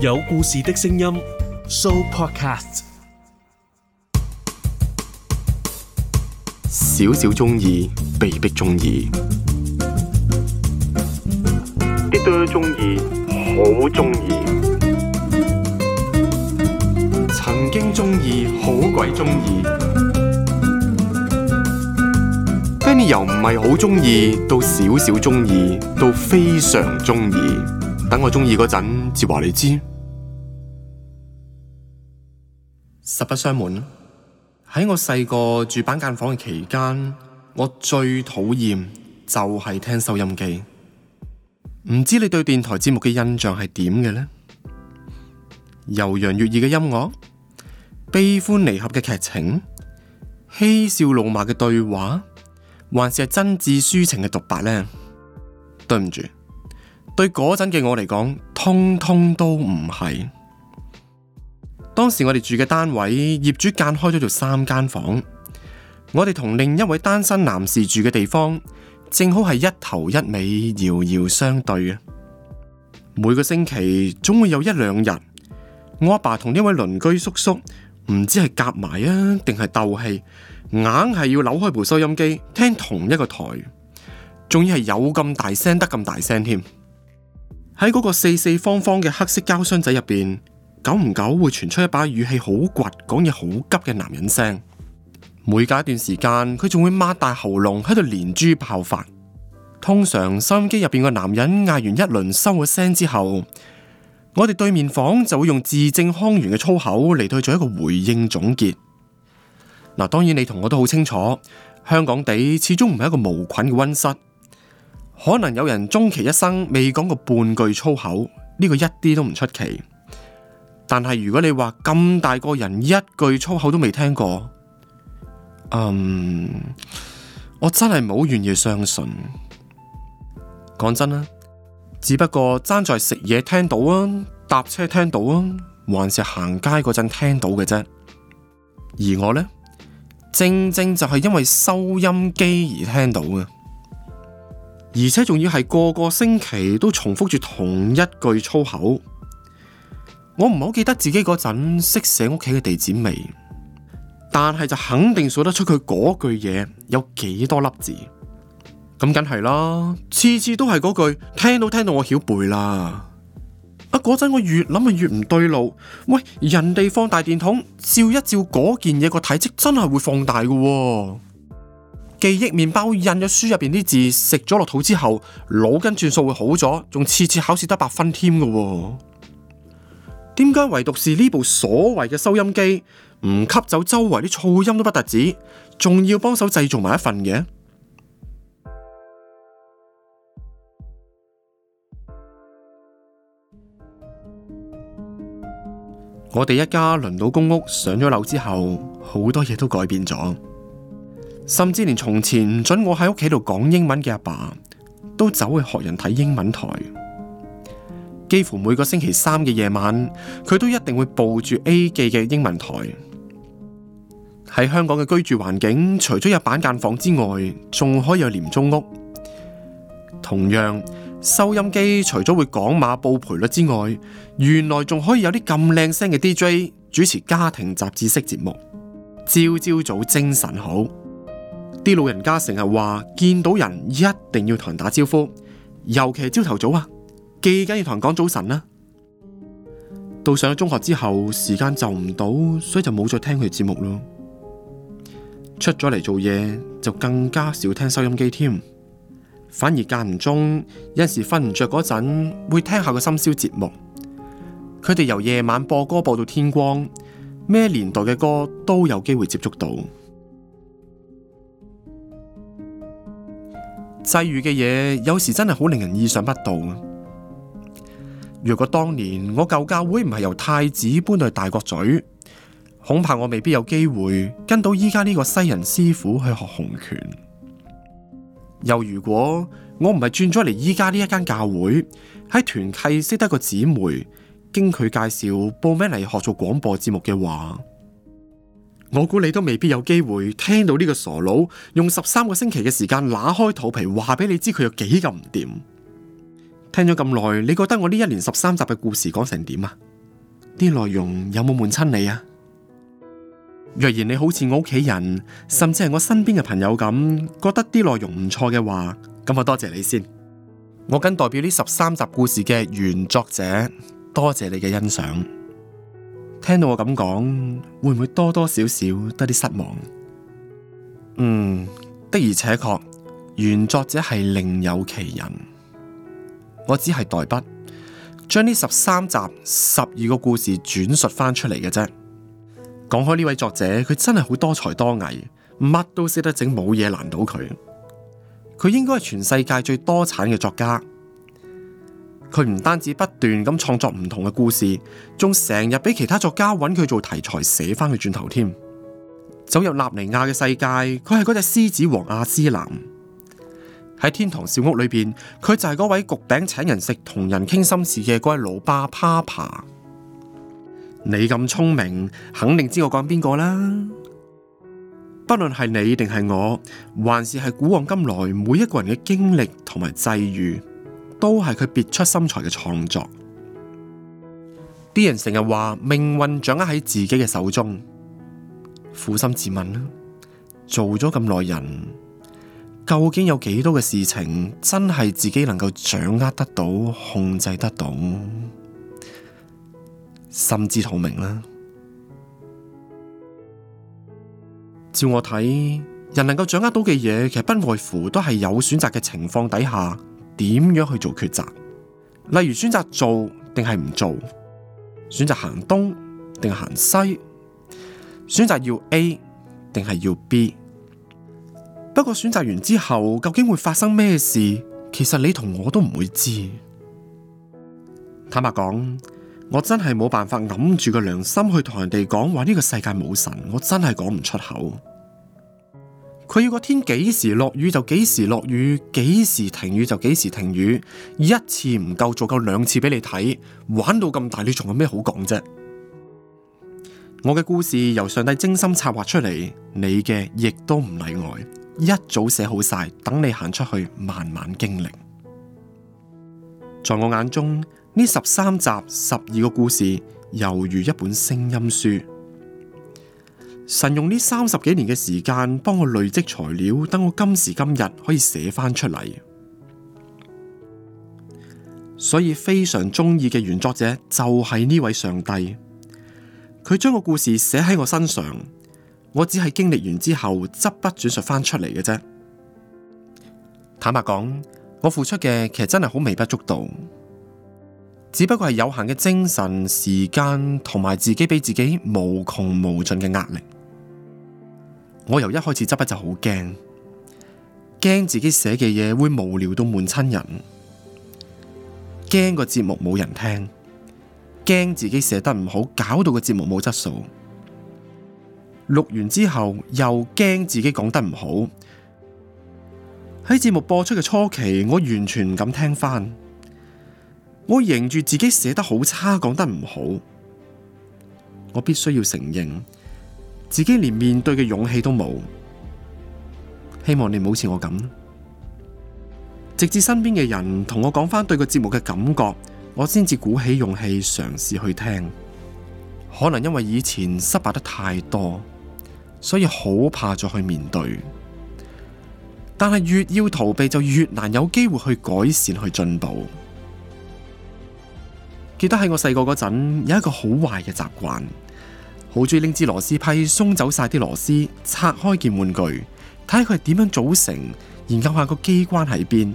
有故事的聲音，Show Podcast。小小鍾意，被迫鍾意，啲啲鍾意，好鍾意，曾經鍾意，好鬼鍾意。Fenny 由唔係好鍾意到少少鍾意到非常鍾意。等我中意嗰陣，接話你知。實不相瞞，喺我細個住板間房嘅期間，我最討厭就係聽收音機。唔知你對電台節目嘅印象係點嘅呢？悠揚悅耳嘅音樂，悲歡離合嘅劇情，嬉笑怒罵嘅對話，還是係真摯抒情嘅獨白呢？對唔住。對嗰陣嘅我嚟講，通通都唔係。當時我哋住嘅單位，業主間開咗做三間房，我哋同另一位單身男士住嘅地方，正好係一頭一尾遙遙相對嘅。每個星期總會有一兩日，我阿爸同呢位鄰居叔叔唔知係夾埋啊，定係鬥氣，硬係要扭開部收音機聽同一個台，仲要係有咁大聲得咁大聲添。喺嗰個四四方方嘅黑色膠箱仔入邊，久唔久會傳出一把語氣好倔、講嘢好急嘅男人聲。每隔一段時間，佢仲會擘大喉嚨喺度連珠炮發。通常收音機入邊嘅男人嗌完一輪收咗聲之後，我哋對面房就會用字正腔圓嘅粗口嚟對佢做一個回應總結。嗱，當然你同我都好清楚，香港地始終唔係一個無菌嘅溫室。可能有人終其一生未講過半句粗口，呢個一啲都唔出奇。但係如果你話咁大個人一句粗口都未聽過，嗯，我真係冇好願意相信。講真啦，只不過爭在食嘢聽到啊，搭車聽到啊，還是行街嗰陣聽到嘅啫。而我呢，正正就係因為收音機而聽到嘅。而且仲要係個個星期都重複住同一句粗口，我唔好記得自己嗰陣識寫屋企嘅地址未，但係就肯定數得出佢嗰句嘢有幾多粒字。咁梗係啦，次次都係嗰句，聽都聽到我曉背啦。啊，嗰陣我越諗越唔對路，喂，人哋放大電筒照一照嗰件嘢個體積真係會放大㗎。記憶麵包印咗書入邊啲字，食咗落肚之後，腦筋轉數會好咗，仲次次考試得百分添㗎喎。點解唯獨是呢部所謂嘅收音機，唔吸走周圍啲噪音都不特止，仲要幫手製造埋一份嘅？我哋一家輪到公屋上咗樓之後，好多嘢都改變咗。甚至連從前唔准我喺屋企度講英文嘅阿爸，爸，都走去學人睇英文台。幾乎每個星期三嘅夜晚，佢都一定會播住 A 記嘅英文台。喺香港嘅居住環境，除咗有板間房之外，仲可以有廉租屋。同樣，收音機除咗會講馬報賠率之外，原來仲可以有啲咁靚聲嘅 DJ 主持家庭雜誌式節目，朝朝早精神好。啲老人家成日話見到人一定要同人打招呼，尤其係朝頭早啊，記緊要同人講早晨啊。到上咗中學之後，時間就唔到，所以就冇再聽佢節目咯。出咗嚟做嘢就更加少聽收音機添，反而間唔中有時瞓唔着嗰陣會聽下個深宵節目。佢哋由夜晚播歌播到天光，咩年代嘅歌都有機會接觸到。際遇嘅嘢有時真係好令人意想不到。若果當年我舊教會唔係由太子搬去大角咀，恐怕我未必有機會跟到依家呢個西人師傅去學紅拳。又如果我唔係轉咗嚟依家呢一間教會，喺團契識得個姊妹，經佢介紹報名嚟學做廣播節目嘅話。我估你都未必有機會聽到呢個傻佬用十三個星期嘅時間乸開肚皮話俾你知佢有幾咁唔掂。聽咗咁耐，你覺得我呢一年十三集嘅故事講成點啊？啲內容有冇悶親你啊？若然你好似我屋企人，甚至係我身邊嘅朋友咁，覺得啲內容唔錯嘅話，咁我多謝你先。我謹代表呢十三集故事嘅原作者多謝你嘅欣賞。聽到我咁講，會唔會多多少少得啲失望？嗯，的而且確，原作者係另有其人，我只係代筆，將呢十三集十二個故事轉述翻出嚟嘅啫。講開呢位作者，佢真係好多才多藝，乜都識得整，冇嘢難倒佢。佢應該係全世界最多產嘅作家。佢唔單止不斷咁創作唔同嘅故事，仲成日俾其他作家揾佢做題材寫翻去轉頭添。走入納尼亞嘅世界，佢係嗰隻獅子王亞斯蘭。喺天堂小屋裏邊，佢就係嗰位焗餅請人食、同人傾心事嘅嗰位老爸帕帕。你咁聰明，肯定知我講邊個啦。不論係你定係我，還是係古往今來每一個人嘅經歷同埋際遇。都係佢別出心裁嘅創作。啲人成日話命運掌握喺自己嘅手中，苦心自問啦，做咗咁耐人，究竟有幾多嘅事情真係自己能夠掌握得到、控制得到？心知肚明啦，啊。照我睇，人能夠掌握到嘅嘢，其實不外乎都係有選擇嘅情況底下，點樣去做抉擇？例如選擇做定係唔做，選擇行東定係行西，選擇要 A 定係要 B。不過選擇完之後，究竟會發生咩事？其實你同我都唔會知。坦白講，我真係冇辦法揞住個良心去同人哋講話呢個世界冇神，我真係講唔出口。佢要個天幾時落雨就幾時落雨，幾時停雨就幾時停雨，一次唔夠，做夠兩次俾你睇，玩到咁大，你仲有咩好講啫？我嘅故事由上帝精心策劃出嚟，你嘅亦都唔例外，一早寫好晒，等你行出去慢慢經歷。在我眼中，呢十三集十二個故事，猶如一本聲音書。神用呢三十幾年嘅時間幫我累積材料，等我今時今日可以寫翻出嚟。所以非常中意嘅原作者就係呢位上帝，佢將個故事寫喺我身上，我只係經歷完之後執筆轉述翻出嚟嘅啫。坦白講，我付出嘅其實真係好微不足道，只不過係有限嘅精神、時間同埋自己俾自己無窮無盡嘅壓力。我由一開始執筆就好驚，驚自己寫嘅嘢，會無聊到悶親人，驚個節目冇人聽，驚自己寫得唔好，搞到個節目冇質素。錄完之後又驚自己講得唔好。喺節目播出嘅初期，我完全唔敢聽翻。我認住自己寫得好差，講得唔好，我必須要承認。自己連面對嘅勇氣都冇，希望你唔好似我咁。直至身邊嘅人同我講返對個節目嘅感覺，我先至鼓起勇氣嘗試去聽。可能因為以前失敗得太多，所以好怕再去面對。但係越要逃避，就越難有機會去改善、去進步。記得喺我細個嗰陣，有一個好壞嘅習慣。好中意拎支螺絲批，鬆走晒啲螺絲，拆開件玩具，睇下佢係點樣組成，研究下個機關喺邊。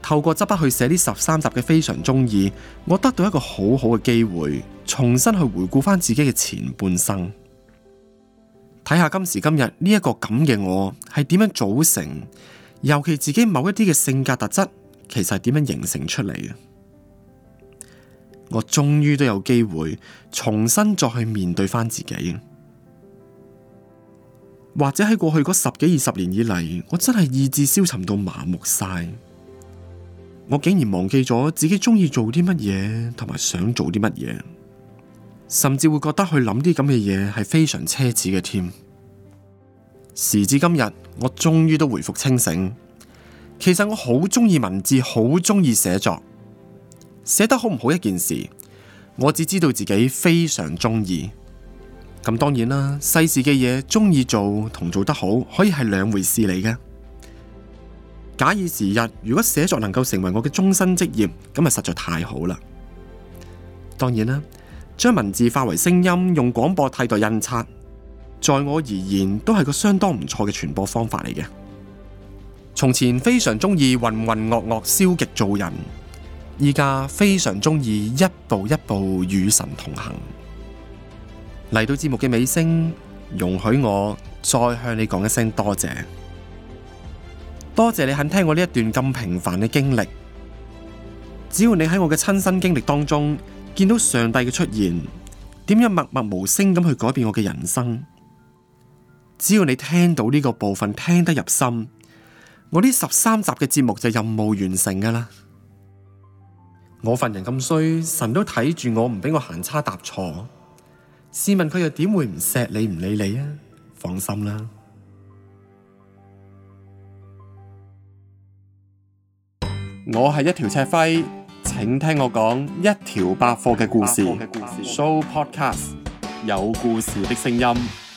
透過執筆去寫呢十三集嘅非常中意，我得到一個好好嘅機會，重新去回顧翻自己嘅前半生，睇下今時今日呢一個咁嘅我係點樣組成，尤其自己某一啲嘅性格特質，其實係點樣形成出嚟嘅。我終於都有機會重新再去面對翻自己，或者喺過去嗰十幾二十年以嚟，我真係意志消沉到麻木晒，我竟然忘記咗自己中意做啲乜嘢，同埋想做啲乜嘢，甚至會覺得去諗啲咁嘅嘢係非常奢侈嘅添。時至今日，我終於都回復清醒，其實我好中意文字，好中意寫作。寫得好唔好一件事，我只知道自己非常中意。咁當然啦，世事嘅嘢中意做同做得好可以係兩回事嚟嘅。假以時日，如果寫作能夠成為我嘅終身職業，咁啊實在太好啦。當然啦，將文字化為聲音，用廣播替代印刷，在我而言都係個相當唔錯嘅傳播方法嚟嘅。從前非常中意渾渾噩噩、消極做人。.依家非常鍾意一步一步與神同行。嚟到節目嘅尾聲，容許我再向你講一聲多謝，多謝你肯聽我呢一段咁平凡嘅經歷。只要你喺我嘅親身經歷當中見到上帝嘅出現，點樣默默無聲咁去改變我嘅人生？只要你聽到呢個部分聽得入心，我呢十三集嘅節目就任務完成噶啦。我份人咁衰，神都睇住我，唔俾我行差踏錯。試問佢又點會唔錫你、唔理你啊？放心啦，我係一條赤輝，請聽我講一條百科嘅故，故，故事。Show Podcast 有故事嘅聲音。